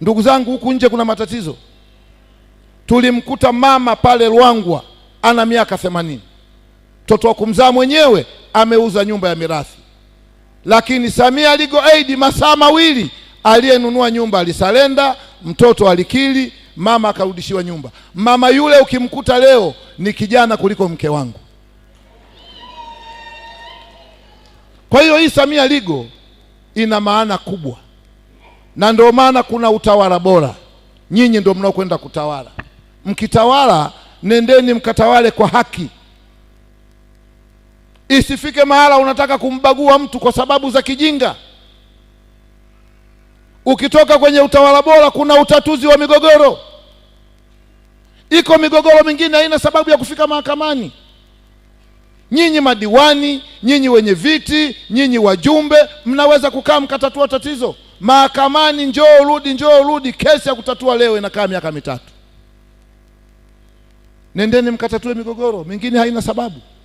Ndugu zangu, huku nje kuna matatizo. Tulimkuta mama pale lwangwa ana miaka themanini, mtoto wa kumzaa mwenyewe ameuza nyumba ya mirathi, lakini Samia Legal Aid masaa mawili aliyenunua nyumba alisalenda, mtoto alikili, mama akarudishiwa nyumba. Mama yule ukimkuta leo ni kijana kuliko mke wangu. Kwa hiyo hii Samia Legal ina maana kubwa na ndio maana kuna utawala bora. Nyinyi ndio mnaokwenda kutawala. Mkitawala, nendeni mkatawale kwa haki, isifike mahala unataka kumbagua mtu kwa sababu za kijinga. Ukitoka kwenye utawala bora, kuna utatuzi wa migogoro. Iko migogoro mingine haina sababu ya kufika mahakamani. Nyinyi madiwani, nyinyi wenye viti, nyinyi wajumbe, mnaweza kukaa mkatatua tatizo mahakamani, njoo urudi, njoo urudi. Kesi ya kutatua leo inakaa miaka mitatu. Nendeni mkatatue migogoro mingine, haina sababu.